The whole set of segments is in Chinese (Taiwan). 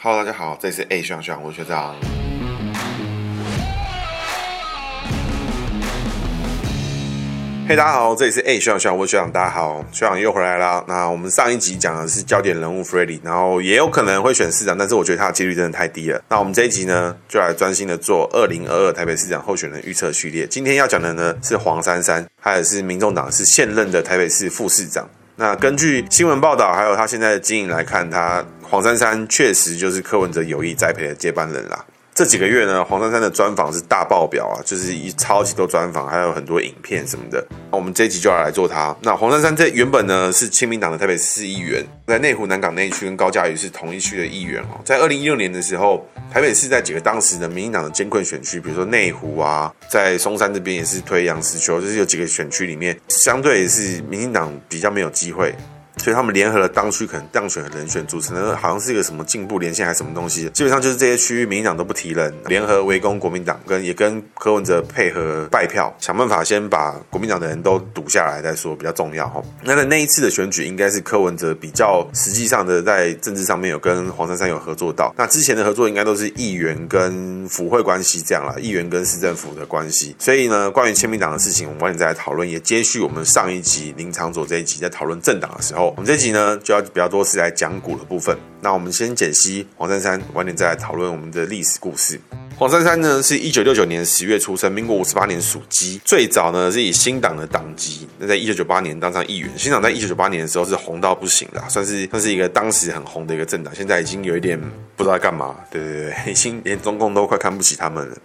Hello，大家好，這裡是 A 學長學長，我是學長。Hey 大家好，這裡是 A 學長學長，我是學長。大家好，學長又回來了。那我們上一集講的是焦點人物 Freddy，然後也有可能會選市長，但是我覺得他的幾率真的太低了。那我們這一集呢，就來專心的做二零二二台北市長候選人預測序列。今天要講的呢是黃珊珊，她也是民眾黨，是現任的台北市副市長。那根據新聞報道還有她現在的經營來看，她。黃珊珊確實就是柯文哲有意栽培的接班人啦。這幾個月呢，黃珊珊的專訪是大爆表啊，就是一超級多專訪，還有很多影片什麼的。那我們這一集就要來做他。那黃珊珊這原本呢是親民黨的台北市議員，在內湖南港內區跟高嘉瑜是同一區的議員哦、喔。在二零一六年的時候，台北市在幾個當時的民進黨的艱困選區，比如說內湖啊，在松山這邊也是推楊實秋，就是有幾個選區裡面相對也是民進黨比較沒有機會。所以他們聯合了當區可能當選的人選組成的，好像是一個什麼進步連線還是什麼東西。基本上就是這些區域民進黨都不提人，聯合圍攻國民黨，跟也跟柯文哲配合拜票，想辦法先把國民黨的人都堵下來再說，比較重要哈。那那那一次的選舉，應該是柯文哲比較實際上的在政治上面有跟黃珊珊有合作到。那之前的合作應該都是議員跟府會關係這樣啦，議員跟市政府的關係。所以呢，關於親民黨的事情，我們晚點再來討論，也接續我們上一集林昶佐這一集在討論政黨的時候，我們這集呢，就要比較多是來講古的部分。那我們先解析黃珊珊，晚點再來討論我們的歷史故事。黃珊珊呢，是一九六九年十月出生，民國五十八年屬雞。最早呢是以新黨的黨籍，那在一九九八年當上議員。新黨在一九九八年的時候是紅到不行啦，算是算是一個當時很紅的一個政黨。現在已經有一點不知道在幹嘛。對對對，已經連中共都快看不起他們了。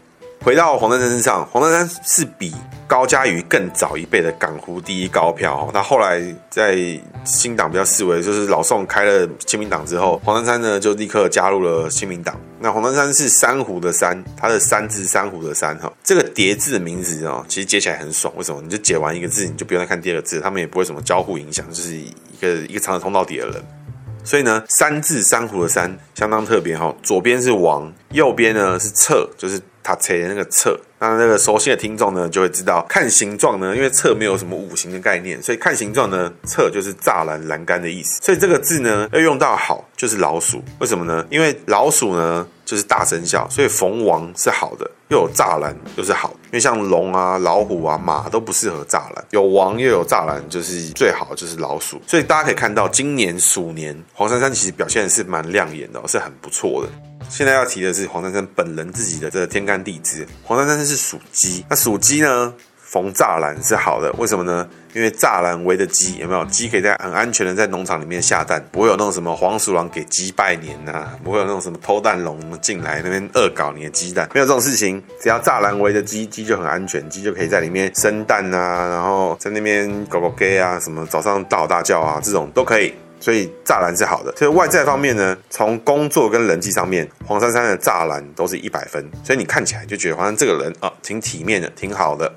回到黃珊珊身上，黃珊珊是比高嘉瑜更早一輩的港湖第一高票。那後來在新黨比較式微，就是老宋開了親民黨之後，黃珊珊呢就立刻加入了親民黨。那黃珊珊是珊瑚的珊，他的珊字珊瑚的珊哈，這個疊字的名字啊，其實解起來很爽。為什麼？你就解完一個字，你就不用再看第二個字，他們也不會什麼交互影響，就是一個一個長常通到底的人。所以呢，珊字珊瑚的珊相當特別哈，左邊是王，右邊呢是側，就是。他拆那個“冊”，那那個熟悉的聽眾呢就會知道，看形狀呢，因為“冊”沒有什麼五行的概念，所以看形狀呢，“冊”就是柵欄、欄杆的意思。所以這個字呢要用到好，就是老鼠。為什麼呢？因為老鼠呢就是大生肖，所以逢王是好的，又有柵欄就是好的。因為像龍啊、老虎啊、馬都不適合柵欄，有王又有柵欄就是最好，就是老鼠。所以大家可以看到，今年鼠年黃珊珊其實表現的是蠻亮眼的哦，是很不錯的。現在要提的是黃珊珊本人自己的這個天干地支，黃珊珊是屬雞，那屬雞呢，逢柵欄是好的，為什麼呢？因為柵欄圍的雞，有沒有雞可以在很安全的在農場裡面下蛋，不會有那種什麼黃鼠狼給雞拜年吶、啊，不會有那種什麼偷蛋龍進來那邊惡搞你的雞蛋，沒有這種事情，只要柵欄圍的雞，雞就很安全，雞就可以在裡面生蛋啊，然後在那邊搞搞 gay 啊，什麼早上大吼大叫啊，這種都可以。所以柵欄是好的，所以外在方面呢，從工作跟人際上面，黃珊珊的柵欄都是一百分，所以你看起來就覺得好像這個人啊、嗯，挺體面的，挺好的。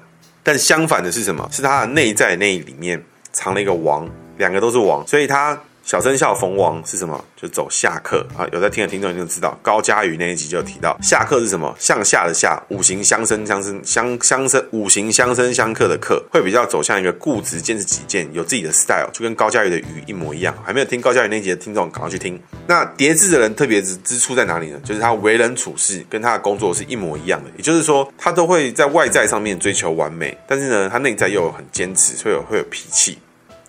但相反的是什麼？是他的內在那裡面藏了一個王，兩個都是王，所以他。小生肖逢王是什麼？就走下克啊！有在聽的聽眾你就知道，高嘉瑜那一集就提到下克是什麼，向下的下，五行相生相生相相生，五行相生相克的克，會比較走向一個固執、堅持己見幾件、有自己的 style，就跟高嘉瑜的瑜一模一樣。還沒有聽高嘉瑜那一集的聽眾，趕快去聽。那疊字的人特別之處在哪裡呢？就是他為人處事跟他的工作是一模一樣的，也就是說，他都會在外在上面追求完美，但是呢，他內在又很堅持，所以有會有脾氣。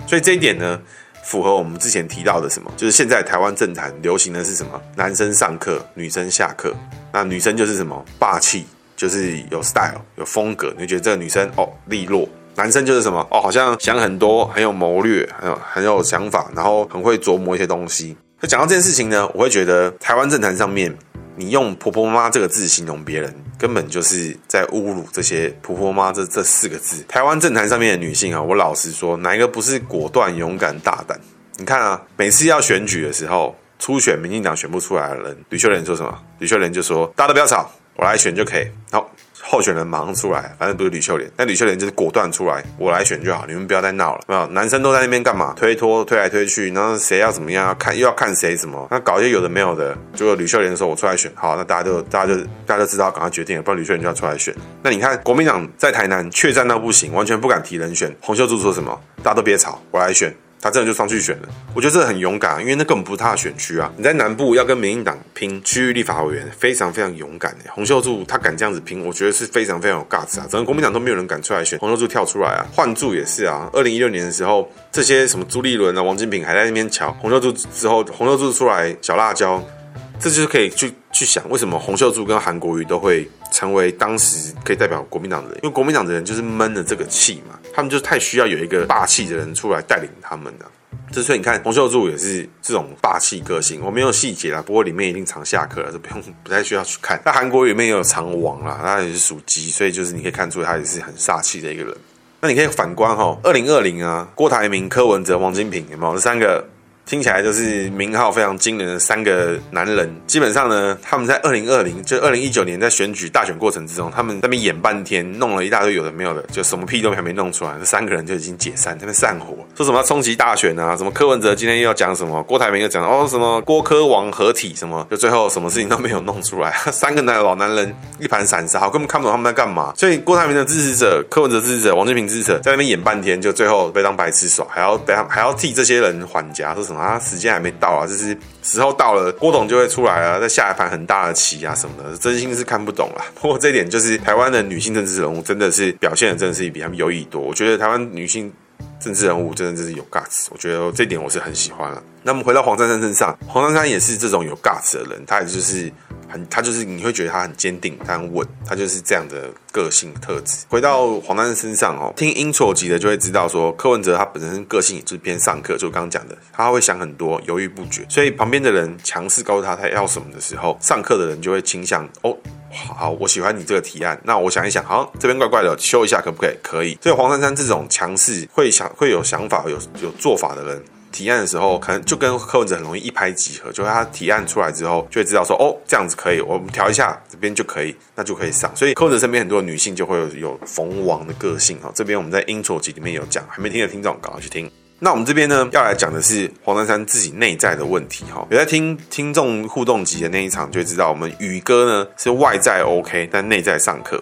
所以這一點呢，符合我們之前提到的什麼？就是現在台灣政壇流行的是什麼？男生上課，女生下課。那女生就是什麼？霸氣，就是有 style，有風格。你覺得這個女生哦，利落。男生就是什麼？哦，好像想很多，很有謀略，很有，很有想法，然後很會琢磨一些東西。那講到這件事情呢，我會覺得台灣政壇上面。你用“婆婆媽”這個字形容別人，根本就是在侮辱這些“婆婆媽”這這四個字。台灣政壇上面的女性啊，我老實說，哪一個不是果斷、勇敢、大膽？你看啊，每次要選舉的時候，初選民進黨選不出來的人，呂秀蓮說什麼？呂秀蓮就說：“大家不要吵，我來選就可以。”好。候選人馬上出來，反正不是呂秀蓮，那呂秀蓮就是果斷出來，我來選就好，你們不要再鬧了。沒有，男生都在那邊幹嘛？推脫推來推去，然後誰要怎麼樣？看又要看誰什麼？那搞一些有的沒有的。結果呂秀蓮的時候，我出來選，好，那大家就大家就大家就知道，趕快決定了，不然呂秀蓮就要出來選。那你看國民黨在台南怯戰，到不行，完全不敢提人選。洪秀柱說什麼？大家都別吵，我來選。他真的就上去選了，我覺得這很勇敢，啊，因為那根本不是他的選區啊！你在南部要跟民進黨拼區域立法委員，非常非常勇敢的，欸。洪秀柱他敢這樣子拼，我覺得是非常非常有 guts 啊！整個國民黨都沒有人敢出來選，洪秀柱跳出來啊，換柱也是啊。二零一六年的時候，這些什麼朱立倫啊、王金平還在那邊瞧，洪秀柱之後，洪秀柱出來小辣椒，這就是可以去去想，為什麼洪秀柱跟韓國瑜都會成為當時可以代表國民黨的人，因為國民黨的人就是悶了這個氣嘛。他們就太需要有一個霸氣的人出來帶領他們了，之所以你看洪秀柱也是這種霸氣個性，我沒有細節啦，不過裡面一定藏下克了，就不用不太需要去看。那韓國裡面也有藏王啦，他也是屬雞，所以就是你可以看出他也是很煞氣的一個人。那你可以反觀哈，二零二零啊，郭台銘、柯文哲、王金平，有沒有這三個？聽起來就是名號非常驚人的三個男人，基本上呢，他們在二零二零就二零一九年在選舉大選過程之中，他們在那邊演半天，弄了一大堆有的沒有的，就什麼屁都還沒弄出來，這三個人就已經解散，在那邊散夥，說什麼要衝擊大選啊，什麼柯文哲今天又要講什麼，郭台銘又講哦什麼郭柯王合體什麼，就最後什麼事情都沒有弄出來，三個男老男人一盤散沙，根本看不懂他們在幹嘛。所以郭台銘的支持者、柯文哲支持者、王金平支持者在那邊演半天，就最後被當白痴耍，還要被他還要替這些人緩頰說什麼。啊，時間還沒到啊，就是時候到了，郭董就會出來啊，在下一盤很大的棋啊什麼的，真心是看不懂啦。不過這一點就是台灣的女性政治人物真的是表現的，真的是比他們優異多。我覺得台灣女性。政治人物真的就是有 guts 我覺得這一點我是很喜歡了。那麼回到黃珊珊身上，黃珊珊也是這種有 guts 的人，她也就是很，她就是你會覺得她很堅定，她很穩，她就是這樣的個性的特質。回到黃珊珊身上哦，聽 intro 集的就會知道說，柯文哲他本身個性就是偏上課，就剛剛講的，他會想很多，猶豫不決。所以旁邊的人強勢告訴他他要什麼的時候，上課的人就會傾向哦好，好，我喜歡你這個提案，那我想一想，好，這邊怪怪的，修一下可不可以？可以。所以黃珊珊這種強勢會想。會有想法，有有做法的人提案的時候，可能就跟柯文哲很容易一拍即合，就是他提案出來之後，就會知道說，哦，這樣子可以，我們調一下這邊就可以，那就可以上。所以柯文哲身邊很多女性就會有有蜂王的個性哈、哦。這邊我們在 Intro 集裡面有講，還沒聽的聽眾趕快去聽。那我們這邊呢，要來講的是黃珊珊自己內在的問題哈、哦。有在聽聽眾互動集的那一場，就會知道我們宇哥呢是外在 OK，但內在上課。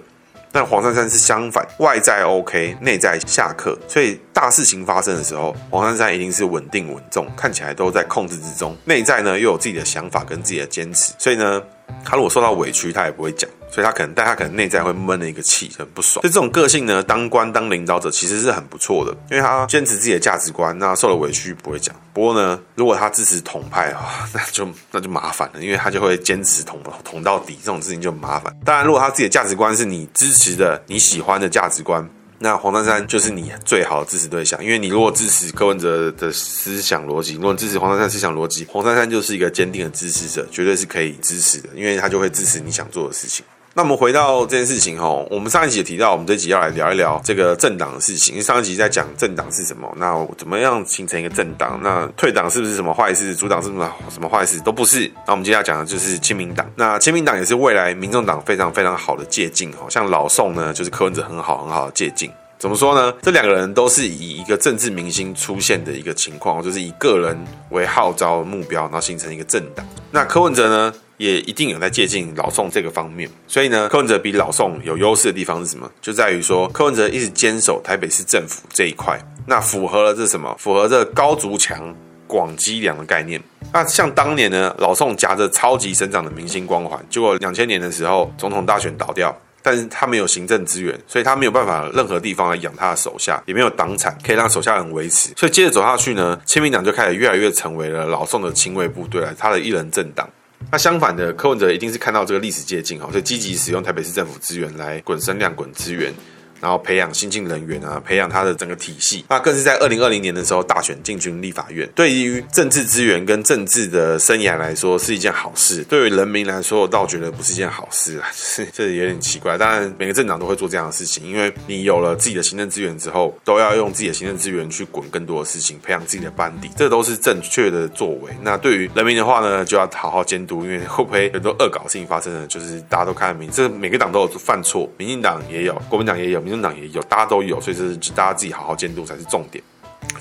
但黃珊珊是相反，外在 OK，內在下克，所以大事情發生的時候，黃珊珊一定是穩定穩重，看起來都在控制之中。內在呢又有自己的想法跟自己的堅持，所以呢，他如果受到委屈，他也不會講。所以他可能，但他可能內在會悶的一個氣，很不爽。所以這種個性呢，當官當領導者其實是很不錯的，因為他堅持自己的價值觀，那受了委屈不會講。不過呢，如果他支持統派的話，哦，那就那就麻煩了，因為他就會堅持統統到底，這種事情就麻煩。當然，如果他自己的價值觀是你支持的、你喜歡的價值觀，那黃珊珊就是你最好的支持對象。因為你如果支持柯文哲的思想邏輯，你如果支持黃珊珊思想邏輯，黃珊珊就是一個堅定的支持者，絕對是可以支持的，因為他就會支持你想做的事情。那我們回到這件事情哈、哦，我們上一集也提到，我們這集要來聊一聊這個政黨的事情。因為上一集在講政黨是什麼，那我怎麼樣形成一個政黨？那退黨是不是什麼壞事？入黨是不是什麼壞事？都不是。那我們接下來講的就是親民黨。那親民黨也是未來民眾黨非常非常好的借鏡哦。像老宋呢，就是柯文哲很好很好的借鏡。怎麼說呢？這兩個人都是以一個政治明星出現的一個情況，就是以個人為號召目標，然後形成一個政黨。那柯文哲呢？也一定有在借鑒老宋這個方面，所以呢，柯文哲比老宋有優勢的地方是什麼？就在於說，柯文哲一直堅守台北市政府這一塊，那符合了這是什麼？符合這高築牆、廣積糧的概念。那像當年呢，老宋夾着超級省長的明星光環，結果兩千年的時候總統大選倒掉，但是他沒有行政資源，所以他沒有辦法任何地方來養他的手下，也沒有黨產可以讓手下人維持，所以接着走下去呢，親民黨就開始越來越成為了老宋的親衛部隊，他的一人政黨。那相反的，柯文哲一定是看到這個歷史借鏡，哈，所以積極使用台北市政府資源來滾聲量、滾資源。然後培養新進人員啊，培養他的整個體系，那更是在二零二零年的時候大選進軍立法院，對於政治資源跟政治的生涯來說是一件好事。對於人民來說，我倒覺得不是一件好事啊，就 是這有點奇怪。當然，每個政黨都會做這樣的事情，因為你有了自己的行政資源之後，都要用自己的行政資源去滾更多的事情，培養自己的班底，這都是正確的作為。那對於人民的話呢，就要好好監督，因為會不會很多惡搞事情發生呢？就是大家都看明，這每個黨都有犯錯，民進黨也有，國民黨也有。民眾黨也有，大家都有，所以這是大家自己好好監督才是重點。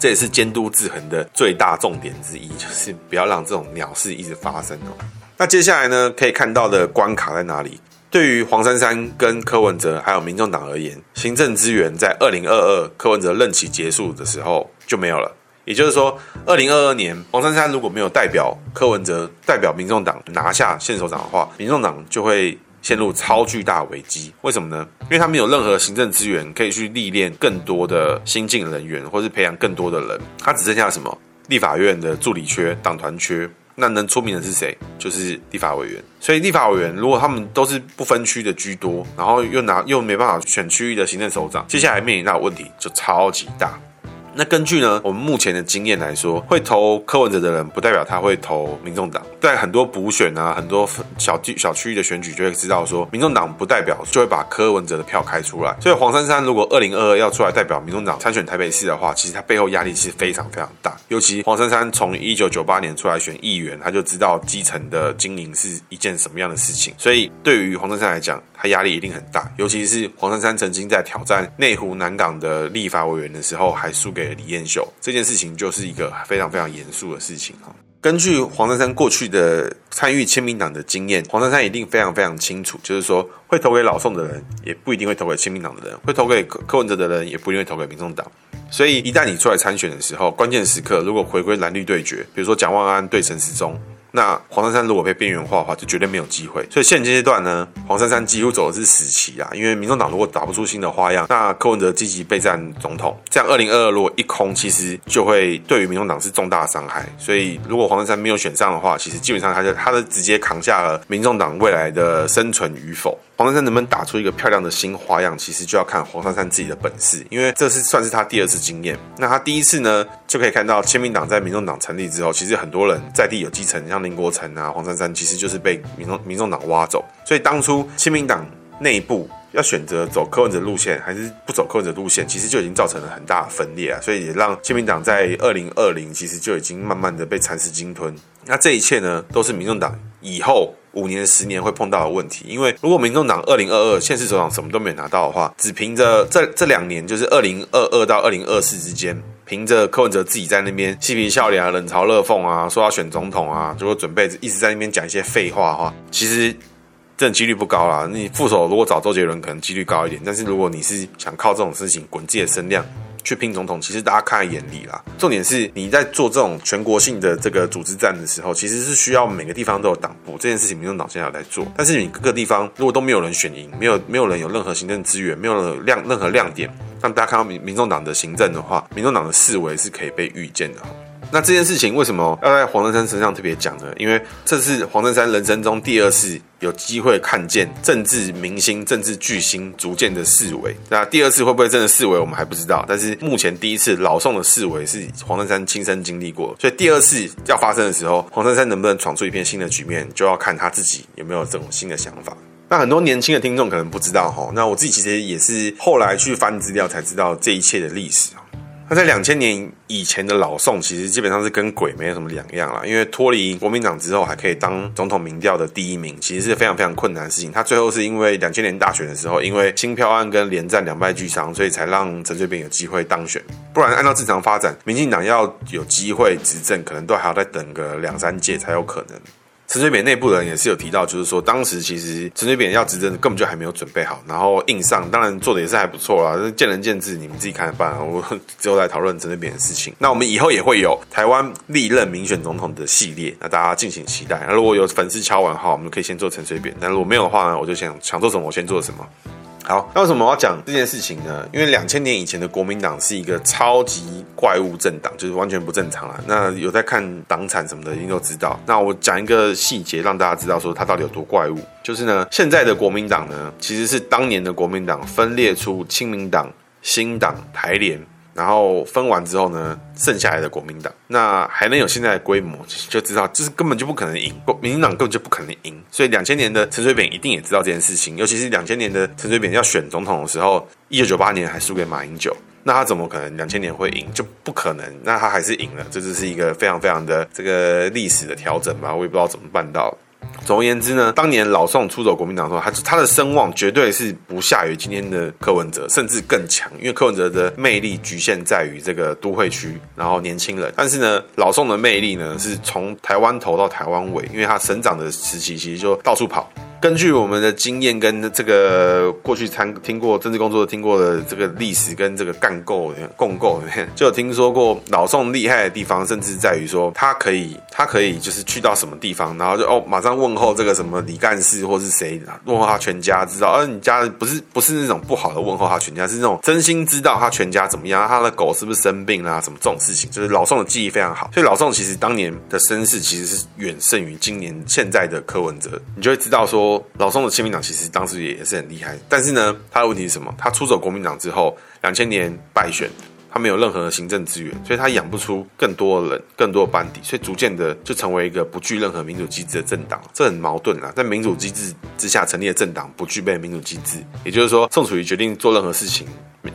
這也是監督制衡的最大重點之一，就是不要讓這種鳥事一直發生哦。那接下來呢，可以看到的關卡在哪裡？對於黃珊珊跟柯文哲還有民眾黨而言，行政資源在二零二二柯文哲任期結束的時候就沒有了。也就是說，二零二二年黃珊珊如果沒有代表柯文哲代表民眾黨拿下縣首長的話，民眾黨就會。陷入超巨大危機，為什麼呢？因為他沒有任何行政資源可以去歷練更多的新進人員，或是培養更多的人。他只剩下什麼？立法院的助理缺，黨團缺。那能出名的是誰？就是立法委員。所以立法委員如果他們都是不分區的居多，然後又拿又沒辦法選區域的行政首長，接下來面臨到問題就超級大。那根據呢，我們目前的經驗來說，會投柯文哲的人，不代表他會投民眾黨。在很多補選啊，很多小小區域的選舉，就會知道說，民眾黨不代表就會把柯文哲的票開出來。所以黃珊珊如果二零二二要出來代表民眾黨參選台北市的話，其實他背後壓力是非常非常大。尤其黃珊珊從一九九八年出來選議員，他就知道基層的經營是一件什麼樣的事情。所以對於黃珊珊來講，他壓力一定很大。尤其是黃珊珊曾經在挑戰內湖南港的立法委員的時候，還輸給。李彥秀這件事情就是一個非常非常嚴肅的事情哈。根據黃珊珊過去的參與親民黨的經驗，黃珊珊一定非常非常清楚，就是說會投給老宋的人，也不一定會投給親民黨的人；會投給柯文哲的人，也不一定會投給民眾黨。所以一旦你出來參選的時候，關鍵時刻如果回歸藍綠對決，比如說蔣萬安對陳時中。那黃珊珊如果被邊緣化的話，就絕對沒有機會。所以現階段呢，黃珊珊幾乎走的是死棋啦。因為民眾黨如果打不出新的花樣，那柯文哲積極備戰總統，這樣二零二二如果一空，其實就會對於民眾黨是重大傷害。所以如果黃珊珊沒有選上的話，其實基本上他就他就直接扛下了民眾黨未來的生存與否。黃珊珊能不能打出一個漂亮的新花樣，其實就要看黃珊珊自己的本事，因為這是算是他第二次經驗。那他第一次呢，就可以看到親民黨在民眾黨成立之後，其實很多人在地有基層，像林國成啊、黃珊珊，其實就是被民眾民眾黨挖走。所以當初親民黨內部要選擇走柯文哲的路線，還是不走柯文哲的路線，其實就已經造成了很大的分裂啊。所以也讓親民黨在二零二零其實就已經慢慢的被蠶食鯨吞。那這一切呢，都是民眾黨以後。五年、十年會碰到的問題，因為如果民眾黨二零二二縣市首長什麼都沒拿到的話，只憑着這這兩年，就是二零二二到二零二四之間，憑着柯文哲自己在那邊嬉皮笑臉啊、冷嘲熱諷啊，說要選總統啊，如果準備一直在那邊講一些廢話的話，其實這種幾率不高啦。你副手如果找周杰倫，可能幾率高一點，但是如果你是想靠這種事情滾自己的聲量，去拼總統，其實大家看在眼裡啦。重點是，你在做這種全國性的這個組織戰的時候，其實是需要每個地方都有黨部，這件事情民眾黨現在要來做，但是你各個地方如果都沒有人選贏，沒有沒有人有任何行政資源，沒有亮任何亮點，讓大家看到民民眾黨的行政的話，民眾黨的思維是可以被預見的。那這件事情為什麼要在黃珊珊身上特別講呢？因為這是黃珊珊人生中第二次有機會看見政治明星、政治巨星逐漸的式微。那第二次會不會真的式微，我們還不知道。但是目前第一次老宋的式微是黃珊珊親身經歷過，所以第二次要發生的時候，黃珊珊能不能闖出一片新的局面，就要看他自己有沒有這種新的想法。那很多年輕的聽眾可能不知道哈，那我自己其實也是後來去翻資料才知道這一切的歷史。那在兩千年以前的老宋，其實基本上是跟鬼沒有什麼兩樣了。因為脫離國民黨之後，還可以當總統民調的第一名，其實是非常非常困難的事情。他最後是因為兩千年大選的時候，因為興票案跟連戰兩敗俱傷，所以才讓陳水扁有機會當選。不然，按照正常發展，民進黨要有機會執政，可能都還要再等個兩三屆才有可能。陳水扁內部的人也是有提到，就是說當時其實陳水扁要執政根本就還沒有準備好，然後硬上，當然做的也是還不錯啦，是見仁見智，你們自己看著辦。我之後來討論陳水扁的事情，那我們以後也會有台灣歷任民選總統的系列，那大家敬請期待。那如果有粉絲敲完的話，我們可以先做陳水扁，但如果沒有的話呢，我就想想做什麼我先做什麼。好，那為什麼我要講這件事情呢？因為兩千年以前的國民黨是一個超級怪物政黨，就是完全不正常啊。那有在看黨產什麼的，一定都知道。那我講一個細節，讓大家知道說它到底有多怪物。就是呢，現在的國民黨呢，其實是當年的國民黨分裂出親民黨、新黨、台聯。然後分完之後呢，剩下來的國民黨那還能有現在的規模，就知道這是根本就不可能贏，國民黨根本就不可能贏。所以兩千年的陳水扁一定也知道這件事情，尤其是兩千年的陳水扁要選總統的時候，一九九八年還輸給馬英九，那他怎麼可能兩千年會贏？就不可能。那他還是贏了，這就是一個非常非常的這個歷史的調整吧。我也不知道怎麼辦到。總而言之呢，當年老宋出走國民黨的時候，他他的聲望絕對是不下於今天的柯文哲，甚至更強。因為柯文哲的魅力局限在於這個都會區，然後年輕人。但是呢，老宋的魅力呢，是從台灣頭到台灣尾，因為他省長的時期其實就到處跑。根據我們的經驗跟這個過去參聽過政治工作的聽過的這個歷史跟這個幹構共構，就有聽說過老宋厲害的地方，甚至在於說他可以他可以就是去到什麼地方，然後就哦馬上問候這個什麼李幹事或是誰問候他全家，知道而、啊、你家不是不是那種不好的問候他全家，是那種真心知道他全家怎麼樣，他的狗是不是生病啦、啊，什麼這種事情，就是老宋的記憶非常好，所以老宋其實當年的聲勢其實是遠勝於今年現在的柯文哲，你就會知道說。老宋的親民黨其實當時也也是很厲害，但是呢，他的問題是什麼？他出走國民黨之後，兩千年敗選。他沒有任何行政資源，所以他養不出更多人、更多班底，所以逐漸的就成為一個不具任何民主機制的政黨，這很矛盾啊！在民主機制之下成立的政黨不具備民主機制，也就是說，宋楚瑜決定做任何事情，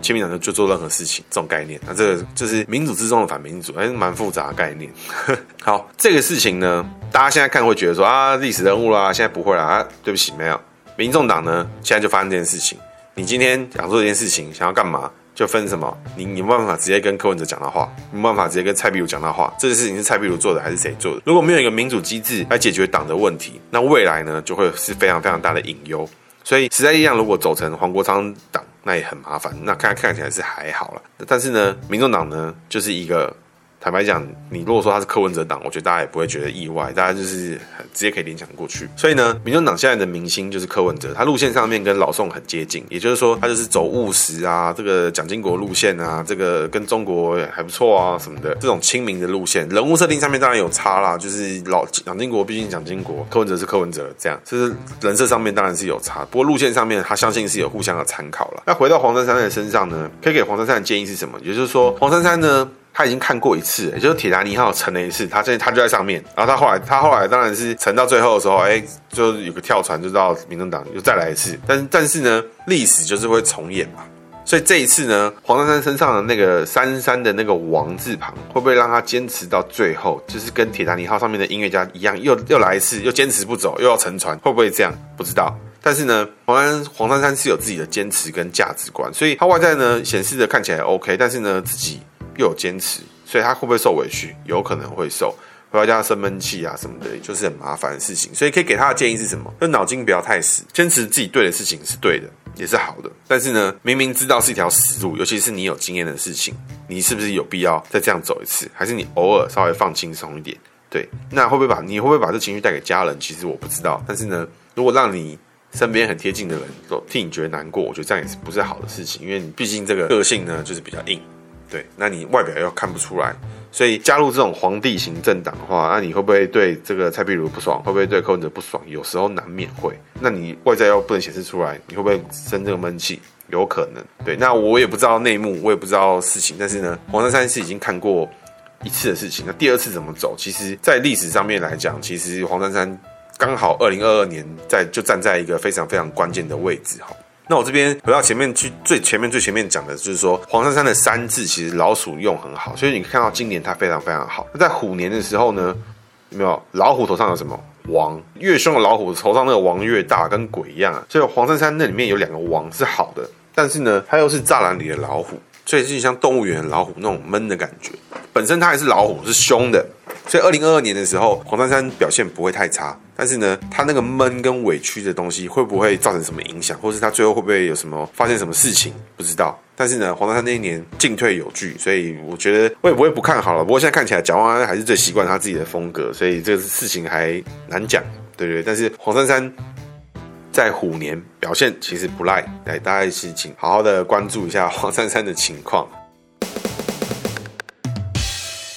親民黨就做任何事情，這種概念，那這個就是民主之中的反民主，哎、欸，蠻複雜的概念。 好，這個事情呢，大家現在看會覺得說啊，歷史人物啦，現在不會啦、啊，對不起，沒有。民眾黨呢，現在就發生這件事情，你今天想做這件事情，想要幹嘛？就分什麼？你你有沒有辦法直接跟柯文哲講到話，你有沒有辦法直接跟蔡壁如講到話。這件事情是蔡壁如做的，還是誰做的？如果沒有一個民主機制來解決黨的問題，那未來呢就會是非常非常大的隱憂。所以，時代力量如果走成黃國昌黨，那也很麻煩。那看看起來是還好了，但是呢，民眾黨呢就是一個。坦白講，你如果說他是柯文哲黨，我覺得大家也不會覺得意外，大家就是直接可以聯想過去。所以呢，民眾黨現在的明星就是柯文哲，他路線上面跟老宋很接近，也就是說他就是走務實啊，這個蔣經國路線啊，這個跟中國還不錯啊什麼的這種親民的路線。人物設定上面當然有差啦，就是老蔣經國畢竟蔣經國，柯文哲是柯文哲，這樣就是人設上面當然是有差。不過路線上面他相信是有互相的參考了。那回到黃珊珊的身上呢，可以給黃珊珊的建議是什麼？也就是說黃珊珊呢？他已經看過一次，也就是鐵達尼號沉了一次，他現在他就在上面。然後他後來，他後來當然是沉到最後的時候，哎、欸，就有個跳船，就到民眾黨，又再來一次。但但是呢，歷史就是會重演嘛。所以這一次呢，黃珊珊身上的那個“珊珊”的那個“王”字旁，會不會讓他堅持到最後？就是跟鐵達尼號上面的音樂家一樣，又又來一次，又堅持不走，又要沉船，會不會這樣？不知道。但是呢，黃珊黃珊珊是有自己的堅持跟價值觀，所以他外在呢顯示的看起來 OK，但是呢自己。又有堅持，所以他會不會受委屈？有可能會受，回到家生悶氣啊什麼的，就是很麻煩的事情。所以可以給他的建議是什麼？就腦筋不要太死，堅持自己對的事情是對的，也是好的。但是呢，明明知道是一條死路，尤其是你有經驗的事情，你是不是有必要再這樣走一次？還是你偶爾稍微放輕鬆一點？對，那會不會把你會不會把這情緒帶給家人？其實我不知道。但是呢，如果讓你身邊很貼近的人都替你覺得難過，我覺得這樣也是不是好的事情，因為你畢竟這個個性呢就是比較硬。對，那你外表又看不出來，所以加入這種皇帝型政黨的話，那你會不會對這個蔡壁如不爽？會不會對柯文哲不爽？有時候難免會。那你外在又不能顯示出來，你會不會生這個悶氣？有可能。對，那我也不知道內幕，我也不知道事情，但是呢，黃珊珊是已經看過一次的事情，那第二次怎麼走？其實，在歷史上面來講，其實黃珊珊剛好二零二二年在就站在一個非常非常關鍵的位置，哈。那我這邊回到前面去，最前面最前面講的就是說，黃珊珊的三字其實老鼠用很好，所以你看到今年它非常非常好。那在虎年的時候呢，有沒有老虎頭上有什麼王？越凶的老虎頭上那個王越大，跟鬼一樣啊。所以黃珊珊那裡面有兩個王是好的，但是呢，它又是柵欄裡的老虎，所以是像動物園老虎那種悶的感覺。本身它也是老虎，是凶的。所以二零二二年的時候，黃珊珊表現不會太差，但是呢，他那個悶跟委屈的東西會不會造成什麼影響，或是他最後會不會有什麼發生什麼事情，不知道。但是呢，黃珊珊那一年進退有據，所以我覺得我也不會不看好了。不過現在看起來，蔣萬安還是最習慣他自己的風格，所以這個事情還難講，對不對？但是黃珊珊在虎年表現其實不賴，來，大家一起請好好的關注一下黃珊珊的情況。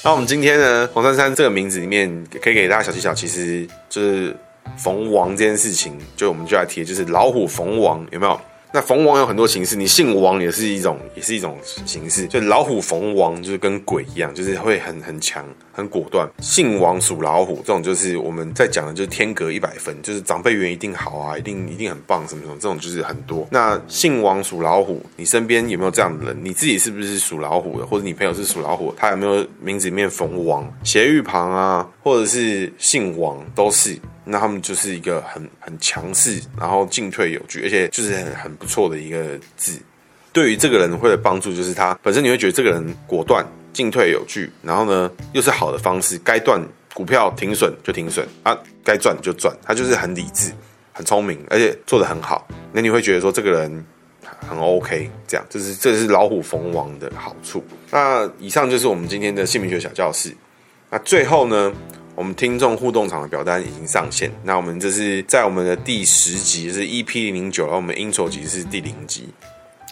那我們今天呢，黃珊珊這個名字裡面，可以給大家小技巧，其實就是“逢王”這件事情，就我們就來提，就是老虎逢王，有沒有？那逢王有很多形式，你姓王也是一種，也是一種形式。就老虎逢王，就是跟鬼一樣，就是會很很強、很果斷。姓王屬老虎，這種就是我們在講的，就是天格一百分，就是長輩緣一定好啊，一定一定很棒，什麼什麼，這種就是很多。那姓王屬老虎，你身邊有沒有這樣的人？你自己是不是屬老虎的？或者你朋友是屬老虎的，他有沒有名字裡面逢王、斜玉旁啊，或者是姓王都是。那他們就是一個很很強勢，然後進退有據，而且就是很很不錯的一個字。對於這個人會的幫助，就是他本身你會覺得這個人果斷，進退有據，然後呢又是好的方式，該斷股票停損就停損啊，該賺就賺，他就是很理智、很聰明，而且做得很好。那你會覺得說這個人很 OK，這樣這、就是這是老虎逢王的好處。那以上就是我們今天的姓名學小教室。那最後呢，我們聽眾互動場的表單已經上線，那我們這是在我們的第十集，就是 EP009，然後我們 Intro 集是第零集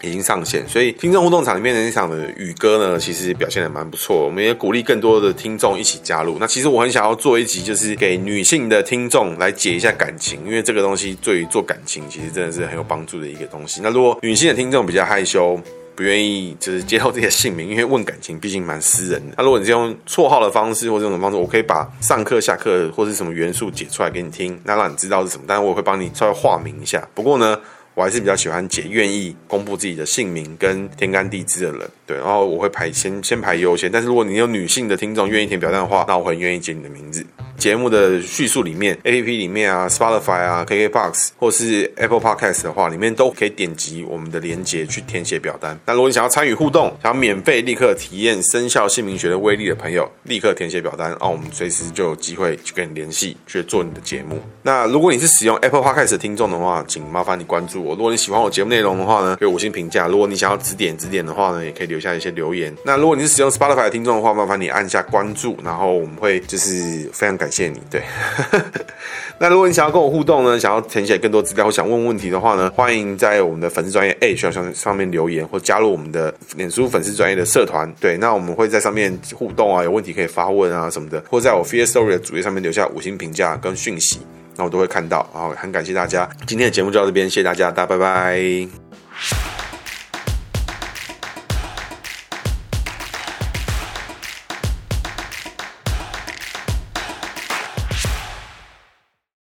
已經上線，所以聽眾互動場裡面的那場的宇哥呢，其實表現得蠻不錯，我們也鼓勵更多的聽眾一起加入。那其實我很想要做一集，就是給女性的聽眾來解一下感情，因為這個東西對於做感情其實真的是很有幫助的一個東西。那如果女性的聽眾比較害羞。不願意就是接受這些姓名，因為問感情畢竟蠻私人的。那如果你是用綽號的方式或這種方式，我可以把上課、下課或是什麼元素解出來給你聽，那讓你知道是什麼。但是我會幫你稍微化名一下。不過呢，我還是比較喜歡解願意公布自己的姓名跟天干地支的人，對。然後我會排先先排優先。但是如果你有女性的聽眾願意填表單的話，那我很願意解你的名字。節目的敘述裡面，APP 裡面啊，Spotify 啊，KKbox 或是 Apple Podcast 的話，裡面都可以點擊我們的鏈接去填寫表單。那如果你想要參與互動，想要免費立刻體驗生肖姓名學的威力的朋友，立刻填寫表單啊，讓我們隨時就有機會去跟你聯繫，去做你的節目。那如果你是使用 Apple Podcast 的聽眾的話，請麻煩你關注我。如果你喜歡我節目內容的話呢，可以五星評價。如果你想要指點指點的話呢，也可以留下一些留言。那如果你是使用 Spotify 的聽眾的話，麻煩你按下關注，然後我們會就是非常感。謝謝你。對， 那如果你想要跟我互動呢，想要填寫更多資料或想問問題的話呢，歡迎在我們的粉絲專頁 a 小箱上面留言，或加入我們的臉書粉絲專頁的社團。對，那我們會在上面互動啊，有問題可以發問啊什麼的，或在我 Firstory 的主頁上面留下五星評價跟訊息，那我都會看到。然後很感謝大家，今天的節目就到這邊，謝謝大家，大家拜拜。